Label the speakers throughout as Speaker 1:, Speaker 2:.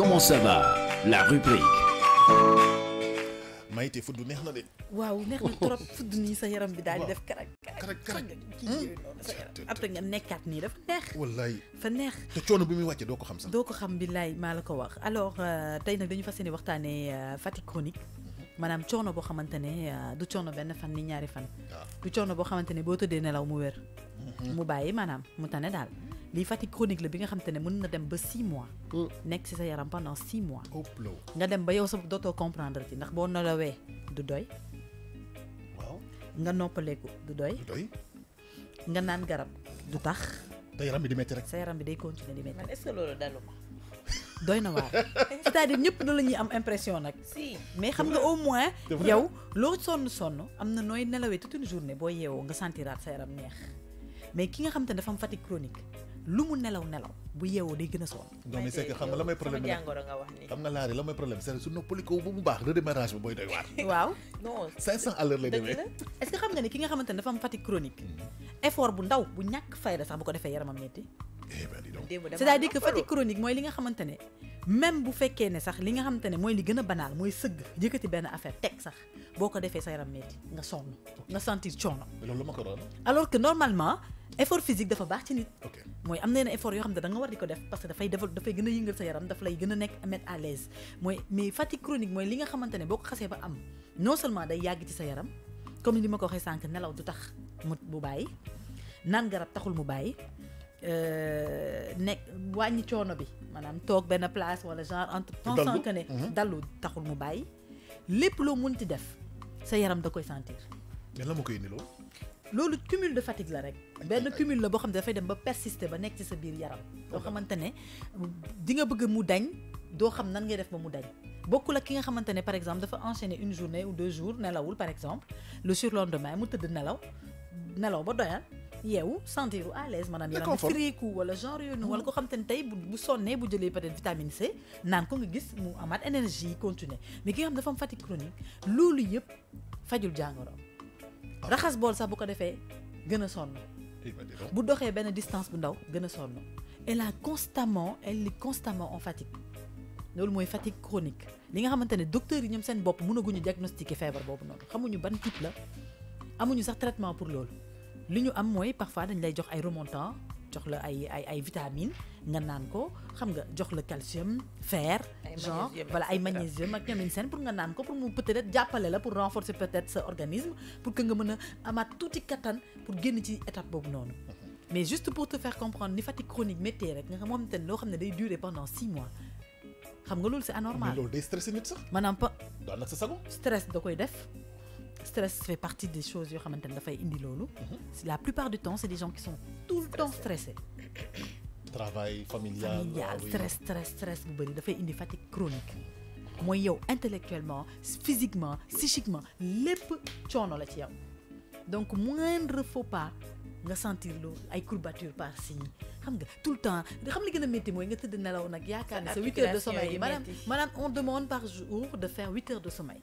Speaker 1: Comment ça va La rubrique. Maïté, foot bu neex
Speaker 2: de. waaw neex trop fudd nii sa yaram bi daal di def karak karak hein? après nga nekkat ni dafa neex wallaay fa neex
Speaker 1: te coono bi mi wàcce doko xam sax doko
Speaker 2: xam billahi maa ko wax alors euh, tay nak dañu fas waxtane euh, fatigue chronique manam coono bo xamantene euh, du coono ben fan ni ñaari fan ah. du coono bo xamantene bo boo tëddee nelaw mu wér mhm. mu bàyyi manam mu tane dal les fatigues chronique les 6 mois. Mm. pendant 6 mois. dem ba yow sa comprendre ci ndax du doy. nga du doy. doy nga garab du tax. bi di rek. sa yaram bi day continuer di est-ce que doy c'est-à-dire ñepp na pas mais au moins. yow lo son son train de se toute une journée bo nga mais qui nga xam fatigue chronique. lu mu nelaw nelaw bu yeewoo day gën a sonn. non mais c'est que xam nga la may problème la nga wax ni.
Speaker 1: xam nga laari la may problème c'est su noppalikoo bu mu baax redémarrage bi booy doy waar.
Speaker 2: waaw non.
Speaker 1: 500 à l'heure lay demee
Speaker 2: est-ce que xam nga ne ki nga xamante ne dafa am fatigue chronique. Mm. effort bu ndaw bu ñàkk fayda sax bu ko defee yaramam metti
Speaker 3: eh, c'est-à-dire que fatigue
Speaker 2: chronique mooy li nga xamante ne même bu fekkee ne sax li nga xamante ne mooy li gën a banal mooy sëgg yëkkati benn affaire teg sax boo ko defee sa yaram metti nga sonn nga sentir coono. loolu ma ko doon alors que normalement effort physique dafa baax ci nit. mooy am na effort yoo xam ne da nga war di ko def parce que dafay defal dafay gën a yëngal sa yaram daf lay gën a nekk mettre à l'aise mooy mais fatigue chronique mooy li nga xamante ne boo ko xasee ba am non seulement day yàgg ci sa yaram comme ni ma ko waxee sànq nelaw du tax mu bu bàyyi naan garab taxul mu bàyyi nekk wàññi coono bi maanaam toog benn place wala genre entre pensant que ne dallu taxul mu bàyyi lépp loo mun ci def sa yaram da koy sentir. mais la ma koy indiloo. loolu cumul de fatigue la rek benn cumul la boo xam ne dafay dem ba persister ba nekk ci sa biir yaram loo xamante ne di nga bëgg mu dañ doo xam nan ngay def ba mu dañ bokkul ak ki nga xamante ne par exemple dafa enchaîner une journée ou deux jours nelawul par exemple le surlendemain mu tëdd nelaw nelaw ba doyal yeewu sentiru à l'aise maanaam yaram friiku wala genre yooyu wala ko xam te ne tey bu bu sonnee bu jëlee peut-être vitamine C naan ko nga gis mu amaat énergie continuer mais ki nga xam dafa am fatigue chronique loolu yëpp fajul jàngoro raxas bool sax bu ko defee gën a sonn bu doxee benn distance bu ndaw gën a sonn elle a constamment elle est constamment en fatigue loolu mooy fatigue chronique li nga xamante ne docteurs yi ñoom seen bopp mënaguñu diagnostiquer feebar boobu noonu xamuñu ban type la amuñu sax traitement pour loolu li ñu am mooy parfois dañ lay jox ay remontant jox la ay ay ay vitamines nga naan ko xam nga jox la calcium fer genre wala ay magnésium ak ñoom seen pour nga naan ko pour mu peut-être jàppale la pour renforcer peut-être sa organisme pour que nga mën a amaat tuuti kattan pour génn ci étape boobu noonu mhm. mais juste pour te faire comprendre ni fatigue chronique métier rek nga xam moom itam loo xam ne day durer pendant six mois xam nga loolu c'est anormal. mais loolu day stressé nit sax. maanaam pa. daan na sa sago. stress da koy def stress fait partie des choses que indi mhm. la plupart du temps c'est des gens qui sont tout le temps stressés.
Speaker 1: travail familial ah stress stress
Speaker 2: stress il y a indi fatigue chronique. intellectuellement physiquement psychiquement lépp coono la ci Donc, donc moindre faux pas nga sentir loolu ay courbature par ci xam nga tout le temps xam li gën metti nous nga tëdd nelaw nak yaakaar sa huit heures de sommeil Madame, on demande par jour de faire 8 heures de sommeil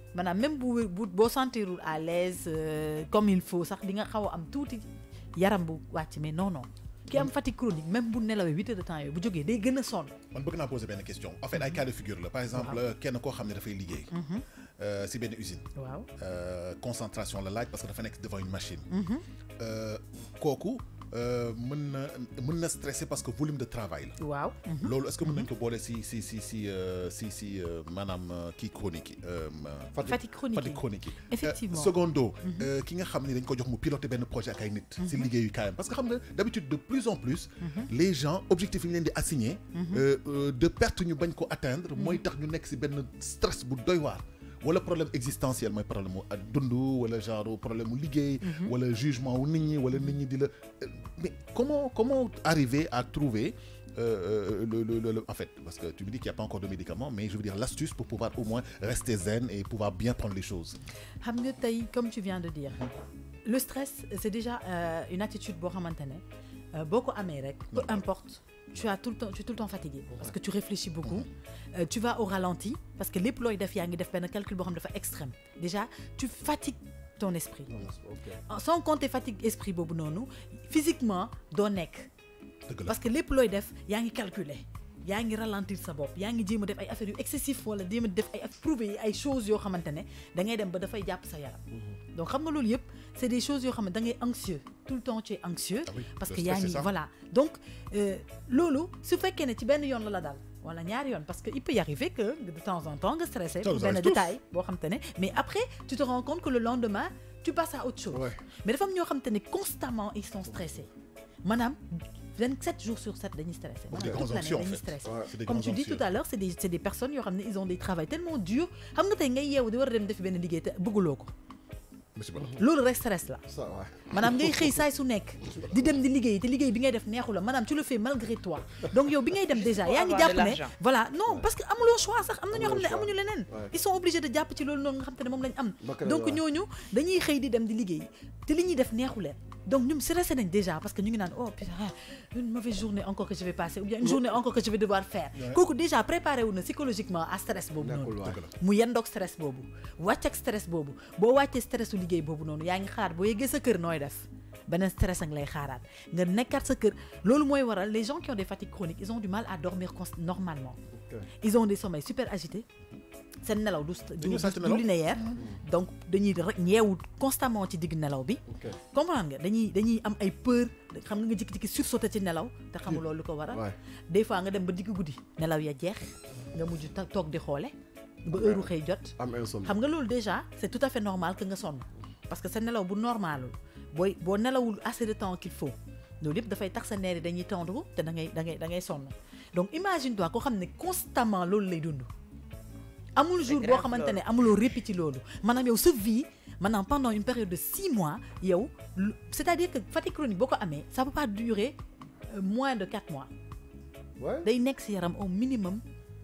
Speaker 2: maanaam même bu bu boo à l'aise euh, comme il faut sax nga xaw am tuuti yaram bu mais non non ki am fatigue chronique même bu heures de temps yooyu bu day gën a man bëgg poser benn
Speaker 1: question en fait ay cas de figure la par exemple kenn koo xam ne dafay C'est mhm. euh, usine. Euh, concentration la laaj parce que dafa devant une machine. Mhm. Euh, mën na mën stressé parce que volume de travail la. waaw mhm. loolu est-ce que mën nañ ko boole si si si si euh, si si euh, maanaam kii chronique yi. fatigue chronique yi fatigue chronique effectivement secondo. Mhm. ki nga xam ne dañ ko jox mu piloter benn projet ak ay nit. Mhm. si liggéeyu même parce que xam nga d'habitude de plus en plus. les gens objectifs yi ñu leen di assigner. de perte ñu bañ ko atteindre. mooy tax ñu nekk si benn stress bu doy waar. Ou le problème existentiel mais problème à ou le genre problème mu ou mhm. le jugement ou nini, ou le nini, mais comment comment arriver à trouver euh, euh, le, le, en fait parce que tu me dis qu'il n'y a pas encore de médicaments mais je veux dire l'astuce pour pouvoir au moins rester zen et pouvoir bien prendre les choses.
Speaker 2: Hamdou Taï, comme tu viens de dire le stress c'est déjà euh, une attitude boramantanée. Euh, beaucoup ko peu importe tu as tout le temps tu es tout le temps fatigué parce que tu réfléchis beaucoup euh, tu vas au ralenti parce que les looy def yaa ngi def benn calcul de xam dafa extrême déjà tu fatigues ton esprit ah, sans compter fatigue esprit boobu noonu physiquement doo nek, parce que les looy def yaa ngi calculer yaa ngi ralentir sa bop, yang y jéem a def ay affaires excessif wala jéem a def ay prouver ay choses yo xamante da ngay dem ba fay japp sa yaram mhm. donc xam nga loolu c'est des choses yo xam da ngay anxieux tout le temps tu es anxieux. Ah parce que y a voilà donc euh, Lolo su que ne ci benn yoon la dal wala parce que il peut y arriver que de temps en temps stressé pour des détail mais après tu te rends compte que le lendemain tu passes à autre chose. mais les femmes n'y xam constamment ils sont stressés madame 27 jours sur 7 dañuy stressé comme tu dis tout à l'heure c'est des c'est des personnes y xam ils ont des travail tellement dur loolu rek stress la maanaam ngay xëy saay su nekk di dem di liggéey te liggéey bi ngay def neexu la maanaam tu le malgré toi donc yow bi ngay dem déjà yaa ngi jàpp ne voilà non parce que amuloo choix sax am na ñoo xam ne amuñu leneen ils sont obligés de jàpp ci loolu noonu nga xam te ne moom lañ am donc ñooñu dañuy xëy di dem di liggéey te li ñuy def neexu leen donc nous me nañ déjà parce que nous ngi oh putain hein, une mauvaise journée encore que je vais passer ou bien une journée encore que je vais devoir faire kooku déjà préparé wu psychologiquement à stress bobu non. mu yendoog stress bobu. Wacc stress bobu. Bo wacc stress u liggéey non noonu yaa ngi xaar bo yeggee sa kër noy def beneen stress ak lay xaaraat nga nekkaat sa kër loolu mooy waral les gens qui ont des fatigues chroniques ils ont du mal à dormir normalement ils ont des sommeils super agités seen nelaw du du linéaire hmm. donc dañuy rek ñeewu constamment ci digg nelaw bi comprendre nga dañuy dañuy am ay peur xam nga nga jikki-jikki sursauté ci nelaw te xam loolu hmm. lu ko waral des fois nga dem ba digg guddi nelaw ya jeex nga mujj toog di xoole ba heure xëy jot xam nga loolu déjà c'est tout à fait normal que nga sonn parce que sa nelaw bu normalul booy boo nelawul assez de temps qu'il faut loolu yëpp dafay tax sa tendre donc imagine toi koo xam constamment loolu lay dund amul jour boo xamante ne pendant une période de six mois yow c'est-à-dire que fatigue chronique boo ça peut pas durer euh, moins de quatre mois au minimum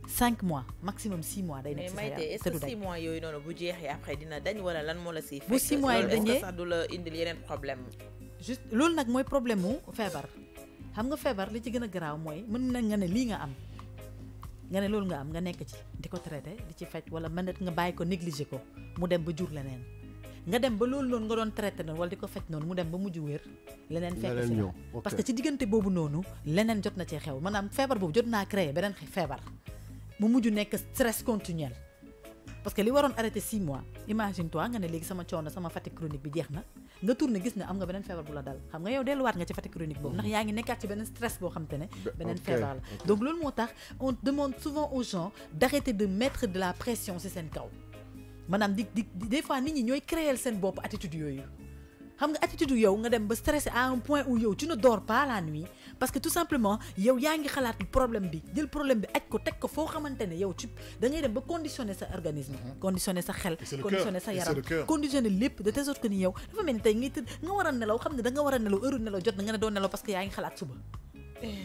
Speaker 2: 5 mois maximum 6 mois day nekk si sa yaram mais Maïté est-ce que six
Speaker 3: mois yooyu noonu bu jeexee après dina dañ wala lan moo la siy fekk bu six mois yi dañee sax du la problème
Speaker 2: juste lool nak moy problème mu feebar xam nga feebar li ci gëna graw moy mën na nga ne li nga am nga ne lool nga am nga nekk ci diko ko traité di ci faj wala mën nga bàyyi ko négligé ko mu dem ba jur leneen nga dem ba lool noonu nga doon traité non wala diko ko non mu dem ba mujj wër leneen fekk si parce que ci diggante bobu noonu leneen jot na cee xew manam feebar bobu jot naa créé beneen feebar mu mujj nekk stress continuel parce que li waroon arrêté 6 mois imagine toi nga ne léegi sama coono sama fatigue chronique bi jeex na nga tourné gis ne am nga beneen feebar bu la dal xam nga yow delluwaat nga ci fatigue chronique boobu ndax yaa ngi nekkaat ci beneen stress boo xam te ne beneen feebar la donc loolu moo tax on demande souvent aux gens d'arrêter de mettre de la pression ci seen kaw maanaam di di des fois nit ñi ñooy créer seen bopp attitude yooyu xam nga attitude yow nga dem ba stressé à un point où yow tu ne dors pas la nuit parce que tout simplement yow yaa ngi xalaat problème bi jël problème bi aj ko teg ko foo xamante ne yow ci da ngay dem ba conditionner sa organisme. Mhm. conditionner sa xel. conditionner sa yaram conditionner lépp de tes autres que ni yow dafa mel ni tey ngay tëdd nga war a nelaw xam ne da nga war a nelaw heure nelaw jot na nga ne doo nelaw parce que yaa ngi xalaat suba eh.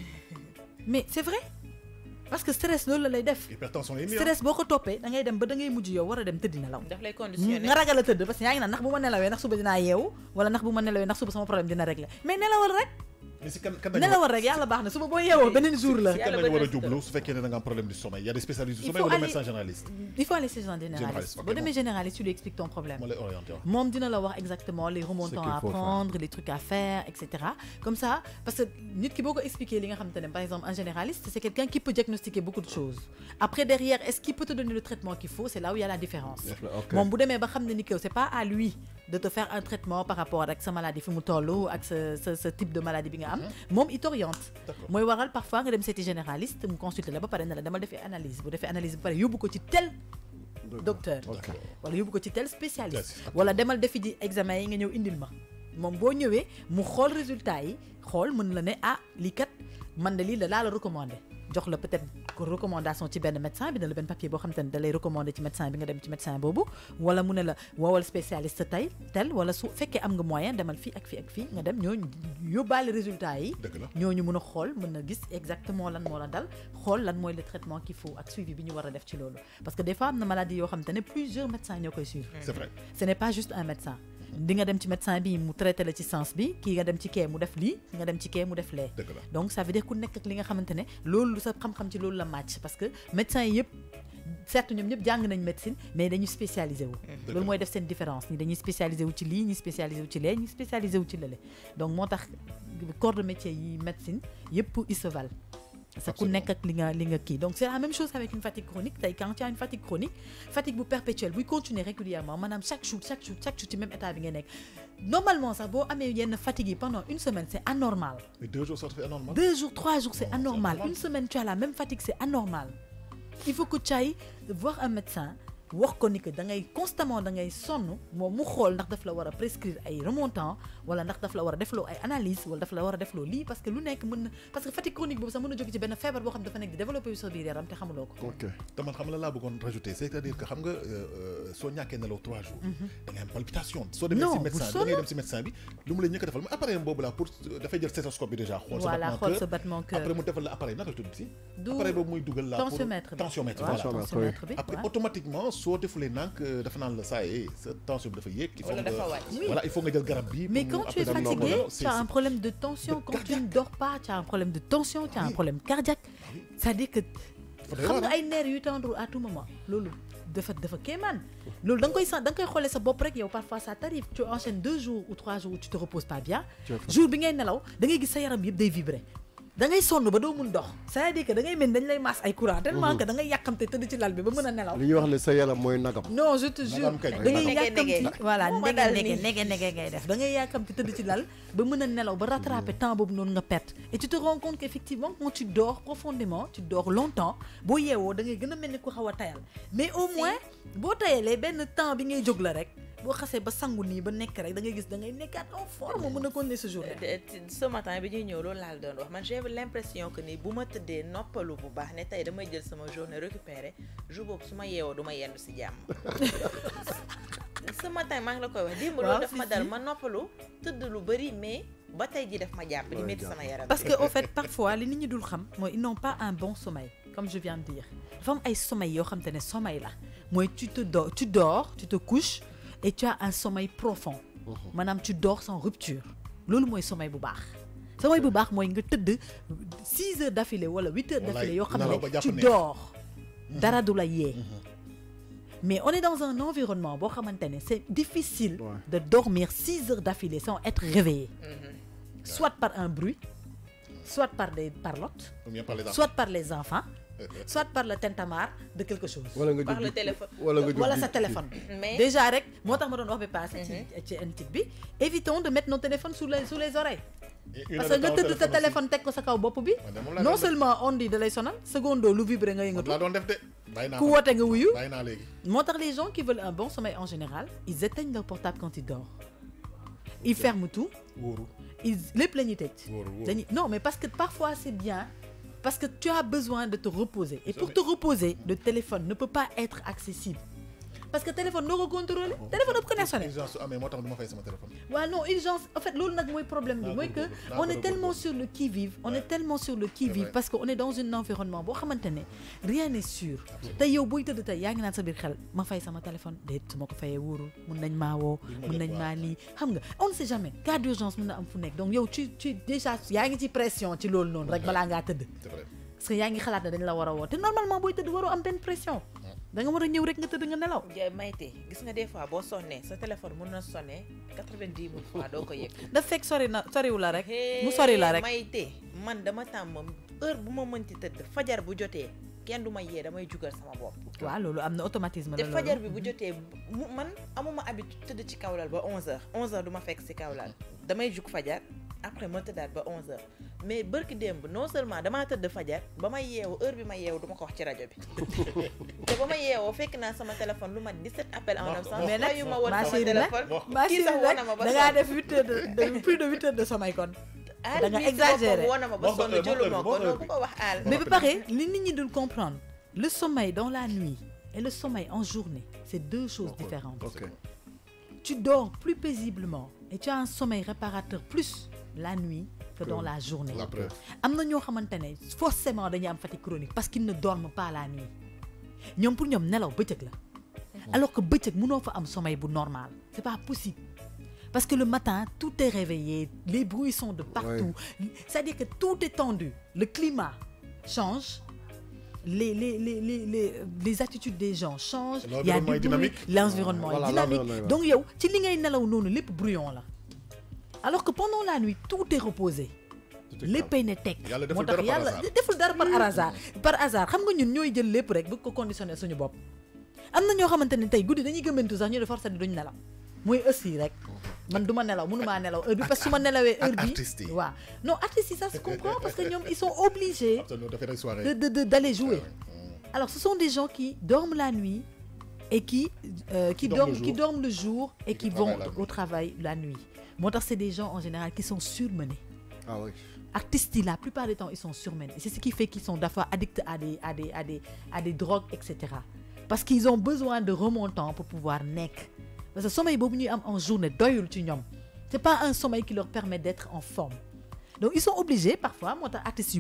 Speaker 2: mais c'est vrai. parce que stress loolu la lay def. stress boo ko toppee da dem ba da ngay yow war a dem tëdd nelaw. nga ragal a tëdd parce que yaa ngi naan bu ma nelawee ndax suba dinaa yeewu wala ndax bu ma nelawee ndax suba sama problème dina réglé mais nelawal rek. Mais c'est war rek yàlla baax na suba boo jour la.
Speaker 1: nga problème du sommeil Il y a des spécialistes du sommeil Ou des médecins généraliste.
Speaker 2: il faut aller chez un généraliste boo demee généraliste tu lui expliques ton problème. mom dina la wax exactement les remontants à prendre les trucs à faire Etc comme ça parce que nit ki boo expliquer li nga xam tane par exemple un généraliste c'est quelqu'un qui peut diagnostiquer beaucoup de choses après derrière est-ce qu'il peut te donner le traitement qu'il faut c'est là où il y a la différence. mom bu demee ba xamné ni c'est pas à lui de te faire un traitement par rapport à sa maladie fi mu toll ak ce ce type de maladie bi mom mhm. moom i t'oriente mooy waral parfois nga dem seeti généraliste mu consulté la ba paré na la demal defee analyse bu défé analyse ba pare yóbbu ko ci tel docteur wala yobou ko ci tel spécialiste wala demal défi ji examen yi nga ñew indil ma mom bo ñewé mu xol résultat yi xol mën la né ah li kat man de lii la la recommandé jox la peut-être ko recommandation ci benn médecin bi ne la benn papier boo xam te ne da lay recommandé ci médecin bi nga dem ci médecin boobu wala mu ne la woowal spécialiste tey tel wala su fekkee am nga moyen demal fii ak fii ak fii nga dem ñooñu yóbbaale résultat yi ñooñu mën a xool mën a gis exactement lan moo la dal xool lan mooy le traitement qu'il faut ak suivi bi ñu war a def ci loolu parce que des fois am na maladie yoo xam te ne plusieurs médecins ñoo koy suivre c'est vrai ce n'est pas juste un médecin di nga dem ci médecin bi mu traité la ci sens bi kii nga dem ci kee mu def lii nga dem ci kee mu def lee donc ça veut dire ku nekk ak li nga xamante ne loolu sa xam-xam ci loolu la màcc parce que médecin yëpp certes ñoom ñëpp jàng nañ médecine mais dañu spécialisé wu loolu mooy def seen différence ni dañuy spécialisé wu ci lii ñi spécialisé wu ci lee ñi spécialisé wu ci lële donc moo tax corps de métier yi médecine yëpp ils se valent ça l'inga qui donc c'est la même chose avec une fatigue chronique quand tu as une fatigue chronique fatigue vous perpétuelle vous continuez régulièrement madame chaque jour chaque jour chaque jour tu même état avec normalement ça va mais une fatigue pendant une semaine c'est anormal
Speaker 1: mais deux jours ça te fait anormal deux jours
Speaker 2: trois jours c'est anormal une semaine tu as la même fatigue c'est anormal il faut que tu ailles voir un médecin wax ko ni que da ngay constamment da ngay sonn moom mu xool ndax daf la war a prescrire ay remontant wala ndax daf la war a defloo ay analyse wala daf la war a defloo lii parce que lu nekk mën na parce que fatigue chronique boobu sax mën na jóge ci benn feebar boo xam dafa nekk di développé yu sa biir yaram te xamuloo
Speaker 1: ko ok te man xam la laa bëggoon rajouter c'est-à-dire que xam nga euh, euh, soo ñàkkee nelaw trois jours mhm. da ngay am palpitation soo demee si médecin bi da ngay dem si médecin bi lu mu lay ñëkk a defal ma appareil boobu la pour euh, dafay jël stéthoscope bi déjà xool sa battement cœur après mu defal la appareil naka tudd si appareil boobu muy dugal la tensiomètre tensiomètre voilà après automatiquement soo defulee nànk euh, dafa naan la saa yee sa tension de dafa yéeg. wala voilà il faut nga jël garab bi. mais quand tu es fatigué tu as
Speaker 2: un problème de tension quand tu ne dors pas tu as un problème de tension tu as un problème cardiaque ça dit que xam nga ay nerfs yu tendre à tout moment loolu. dafa dafa kéemaan loolu da nga koy da nga koy xoolee sa bopp rek yow parfois ça t'arrive tu enchaînes deux jours ou trois jours où tu te reposes pas bien jour bi ngay nelaw da ngay gis sa yaram yëpp day vibrer da ngay sonn ba doo mun dox c'est-à-dire que da ngay mel dañ lay maas ay courant tellement mhm. que da ngay yàkkamte tëdd ci lal bi ba mën a nelaw li ñuy wax
Speaker 1: ne sa yaram mooy nagam non je te jure da ngay yàkkamti
Speaker 2: voilà nege nege nege ngay def da ngay yàkkamte tëdd ci lal ba mën a nelaw ba rattraper temps boobu noonu nga perte et tu te rends compte qu'effectivement quand tu dors profondément tu dors longtemps boo yeewoo da ngay gën a mel ni ku xaw a tayal mais au moins boo tayalee benn temps bi ngay jóg la rek boo xasee ba sangu nii ba nekk rek da ngay gis da ngay nekkaat en forme mën a continuer ce jour ce matin bi
Speaker 3: ñuy ñëw loolu laal doon wax man j'ai l'impression que ni bu ma tëddee noppalu bu baax ne tey damay jël sama journée récupéré jour boobu su ma yeewoo du ma yendu si jàmm ce matin maa ngi la koy wax démb loolu daf ma dal ma noppalu tëdd lu bëri mais ba tey ji daf ma jàpp di métti sama yaram parce que au
Speaker 2: fait parfois li nit ñi dul xam mooy ils n'ont pas un bon sommeil comme je viens de dire dafa am ay sommeil yoo xam te ne sommeil la mooy tu te dors tu dors tu te couches et tu as un sommeil profond mhm. madame. tu dors sans rupture c'est ce sommeil bu baax sommeil bu baax il nga tëdd 6 heures d'affilée ou 8 heures d'affilée tu dors mhm. dara la mhm. mais on est dans un environnement où c'est difficile de dormir 6 heures d'affilée sans être réveillé soit par un bruit soit par des parlottes soit par les enfants soit par le Tentamar de quelque chose. par le téléphone Voilà sa téléphone. déjà rek motax ma don wax passé. ci mhm. ci bi évitons de mettre nos téléphones sous les oreilles. parce que tu tëdd téléphone téléphone teg ko sa bi. Ah, non seulement on dit de lay sonal secondo lu vibrer nga la don def de ku woote nga wuyu. bayna motax les gens qui veulent un bon sommeil en général ils éteignent leur portable quand ils dorment. ils ferment tout. ils les plaignent tête non mais parce que parfois c'est bien. Parce que tu as besoin de te reposer. Et pour te reposer, le téléphone ne peut pas être accessible parce que téléphone noo ko ah téléphone daf ko ne sonné urgence su amee moo tax du ma fay sama téléphone Ouais non urgence en fait loolu nag mooy problème bi mooy que on est tellement sur le qui vive on est tellement sur le qui vive parce que on est dans un environnement bon xamante rien n'est sûr tey yow booy de tey yaa ngi naan sa biir xel ma fay sama téléphone de su ma ko fayee mon mun nañ mon woo mun nañ xam nga on ne sait jamais cas d'urgence mun na am fu nekk donc yow tu tu déjà yaa ngi ci pression ci loolu non rek balaa ngaa tëdd parce que yaa ngi xalaat ne dañ la war a te normalement booy de waroo am benn pression da war a ñëw rek nga tëdd nga nelaw. Ndiaye
Speaker 3: Mayte gis nga des fois boo sonnee sa téléphone mun na sonné quatre-vingt-dix mille fois doo ko yëg. daf fekk sori na soriwu la rek. mu sori la rek Mayte man dama tàmm heure bu ma mënti tëdd fajar bu jotee kenn du ma yee damay jugal sama bopp. waaw
Speaker 2: loolu am na automatisme la te fajar bi bu
Speaker 3: jotee mu man amuma abit tëdd ci kaw lal ba onze heures onze heures du ma fekk si kaw damay jug fajar. après ma tëddaat ba 11h mais bërki démb non seulement dama tëdd fajar ba ma yeewu heure bi ma yeewu du ma ko wax ci rajo bi te ba ma yeewoo fekk naa sama téléphone lu ma 17 appels en absence mais nag ma woon sama téléphone kii sax woon ma ba da ngaa
Speaker 2: def 8 heures de plus de 8 heures de sommeil kon ah, da nga exagéré woon ma ba sonn jëluma ko non bu ko wax aal mais bi pare li nit ñi dul comprendre le sommeil dans la nuit et le sommeil en journée c'est deux choses différentes tu dors plus paisiblement et tu as un sommeil réparateur plus la nuit que dans la journée. am ñoo forcément dañuy am fatigue chronique parce qu'ils ne dorment pas la nuit pour ñom nelaw alors que sommeil bu normal c'est pas possible. parce que le matin tout est réveillé les bruits sont de partout c'est-à-dire que tout est tendu le climat change. Les, les, attitudes des gens changent. Il y a l'environnement est dynamique. Donc, bruyant là alors que pendant la nuit tout est reposé les ne teg moo tax yàlla deful dara par mm. hasard par hasard xam nga ñun ñooy jël lépp rek bu ko conditionner suñu bopp am na ñoo xamante ne tey guddi dañuy gëmmantu sax ñu ne force di duñ nelaw de aussi rek man duma nelaw mënumaa nelaw heure bi parce que su ma nelawee heure bi waaw non artistes ça se comprend parce que ñoom ils sont obligés
Speaker 1: de
Speaker 2: d'aller jouer ah mm. alors ce sont des gens qui dorment la nuit et qui euh, qui dorment qui dorment le jour et qui vont au travail la nuit c'est des gens en général qui sont surmenés. ah oui. artistes la plupart du temps ils sont surmenés c'est ce qui fait qu'ils sont dafa addicts à des à des à des à des drogues etc. parce qu'ils ont besoin de remontants pour pouvoir neck. parce que sommeil boobu am en journée doyul c'est pas un sommeil qui leur permet d'être en forme donc ils sont obligés parfois artistes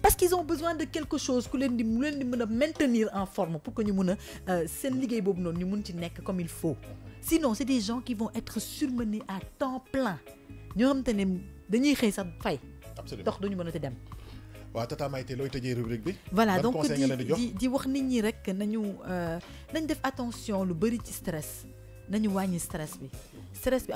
Speaker 2: parce qu'ils ont besoin de quelque chose pour les maintenir en forme pour que ñu gens euh, comme il faut sinon c'est des gens qui vont être surmenés à temps plein Nous sommes tenus dañuy voilà donc di wax nit ñi rek euh, attention lu bari ci stress nañu le stress stress bi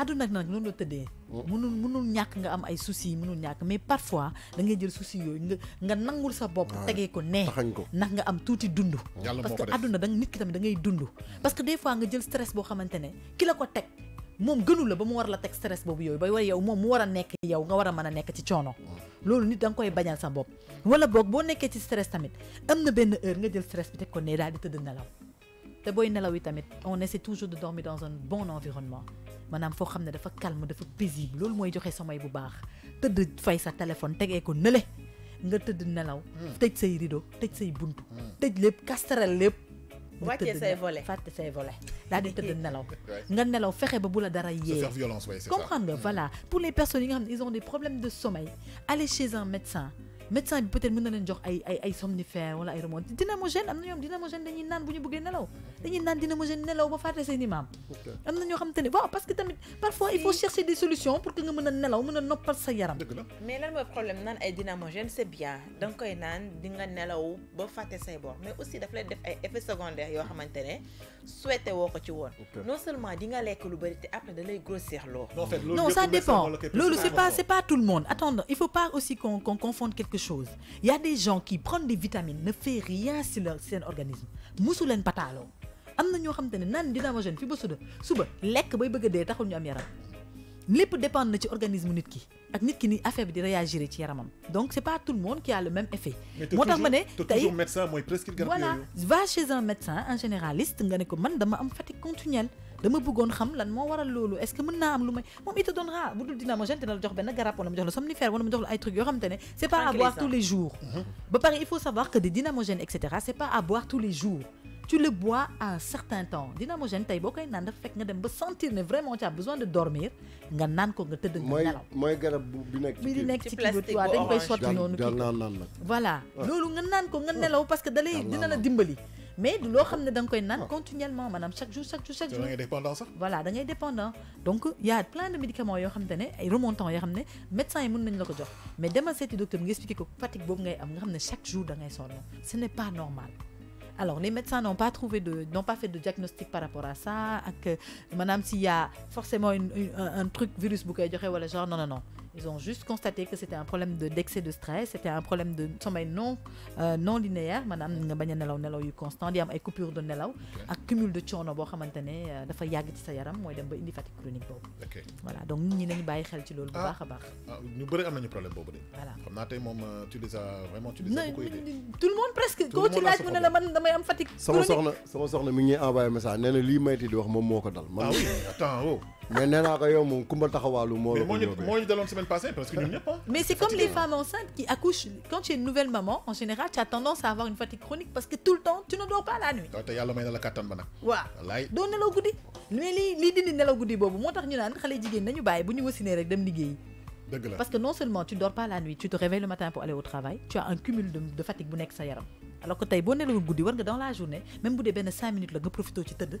Speaker 2: àdduna nag noonu la tëddee. mënul mm. mënul ñàkk nga am ay soucis mënul ñàkk mais parfois da ngay jël soucis yooyu nga nga nangul sa bopp. tegee ko nee ndax nga am tuuti dund. parce que àdduna da nit da ngay dund. parce que des fois nga jël stress boo xamante ne ki la ko teg moom gënu la ba mu war la teg stress boobu yooyu ba war yow moom mu war a nekk yow nga war a mën a nekk ci coono. Mm. loolu nit da nga koy bañal sa bopp. wala boog boo nekkee ci stress tamit am na benn heure nga jël stress bi teg ko daal di tëdd nelaw te booy nelaw yi on essaie toujours de dormir dans un bon environnement maanaam foo xam dafa calme dafa paisible loolu mooy joxe sommeil bu baax tëdd fay sa téléphone tegee ko nële nga tëdd nelaw. Hmm. tëj say rideau tëj say buntu. Hmm. tëj lépp kastaral lépp. wàccee say volet fàtte say volet daal di tëdd nelaw nga nelaw fexe ba bu dara yee comprendre hmm. voilà pour les personnes qui ils ont des problèmes de sommeil aller chez un médecin médecin bi peut-être mën na leen jox ay ay ay somnifère wala ay remon dynamogène am na ñoom dynamogène dañuy naan bu ñu bëggee nelaw dañuy naan dynamogène nelaw ba fàtte seen i maam am na ñoo xam ne waaw parce que tamit parfois il faut chercher des solutions pour que nga mën a nelaw mën a noppal sa yaram
Speaker 3: mais lan mooy problème naan ay dynamogène c'est bien da nga koy naan di nga nelaw ba fàtte say bor mais aussi daf lay def ay effets secondaires yoo xamante ne souhaité woo ko ci woon non seulement di nga lekk lu bëri te après da lay grossir loo non ça dépend loolu c'est pas c'est
Speaker 2: pas tout le monde attends il faut pas aussi qu'on qu'on confonde quelque chose il y a des gens qui prennent des vitamines ne fait rien si leur seen organisme musu leen pataaloo am na ñoo xamante ne naan dynamogène fi ba suba suba lekk bay bëgg a dee taxul ñu am yaram lépp dépendre na ci organisme nit ki ak nit ki ni affaire bi di réagir ci yaramam donc c'est pas tout le monde qui a le même effet. moo tax ma ne tey
Speaker 1: médecin mooy prescrire garab voilà
Speaker 2: va chez un médecin un généraliste nga ne ko man dama am fatigue continuelle dama bëggoon xam lan moo waral loolu est-ce que mën naa am lu may moom il te donnera ah, bu dul dinamogène dina la jox benn garab wala mu jox la somnifère wala mu jox la ay trucs yoo xamante ne c'est pas à boire tous les jours mm-hmm. ba pare il faut savoir que des dynamogènes et cetera c'est pas à boire tous les jours tu le bois à un certain temps dynamogène tey boo koy naan dafa nga dem ba sentir ne vraiment tu as besoin de dormir nga naan ko nga tëdd nga nelaw
Speaker 1: mooy garab bi nekk ci bi nekk ci kii waaw dañ koy sotti noonu kii
Speaker 2: voilà ah. loolu nga naan ko nga nelaw parce que dalay dina la dimbali mais du lo ne koy nan continuellement manam chaque jour chaque jour chaque jour. dépendant ça? voilà da ngay dépendant donc il y a plein de médicaments yo xam te ay remontants yo xam médecin médecins yi mën nañ la ko jox mais le docteur qui nga expliqué ko fatigue bobu ngay am nga xam chaque jour da ngay ce n'est pas normal. Alors, les médecins n'ont pas trouvé de, n'ont pas fait de diagnostic par rapport à ça, que, euh, madame, s'il y a forcément une, un, truc virus dire voilà, genre, non, non, non. Ils ont juste constaté que c'était un problème d'excès de, de, stress, c'était un problème de sommeil non, euh, non linéaire, maanaam nga bañ nelaw nelaw yu constant di am ay coupure de nelaw ak cumul de coono bo xamante euh, dafa yag ci sa yaram moy dem ba indi fatigue chronique boobu voilà donc nit ñi nañu bàyyi xel ci loolu bu baaxa ah. baax
Speaker 1: ah, ñu bëri am nañu problème boobu de voilà xam naa tey moom euh, tu les as vraiment tu les as beaucoup
Speaker 2: aidés tout le monde presque koo ci laaj mu ne la man damay am fatigue chronique. sama
Speaker 1: soxna sama soxna mi ngi envoyer message néna li lii mayti di wax mom moko ko dal man ah attends oh mais nee naa ko yow moom mo taxawaalu moo la semaine passée parce que ñun pas
Speaker 2: hein. mais c'est comme les femmes enceintes qui accouchent quand tu es une nouvelle maman en général tu as tendance à avoir une fatigue chronique parce que tout le temps tu ne dors pas la nuit
Speaker 1: te yàlla may na la kattan ba nag
Speaker 2: waaw wallaay doo nelaw guddi mais lii lii dindi nelaw goudi bobu motax ñu nan xalé jigen nañu baye bu ñu wasinee rek dem liggéeyi dëgg parce que non seulement tu dors pas la nuit tu te réveilles le matin pour aller au travail tu as un cumul de de fatigue bu nekk sa yaram alors que tey boo nelawul goudi war nga dans la journée même bu dee ben cinq minutes la nga profité ci teud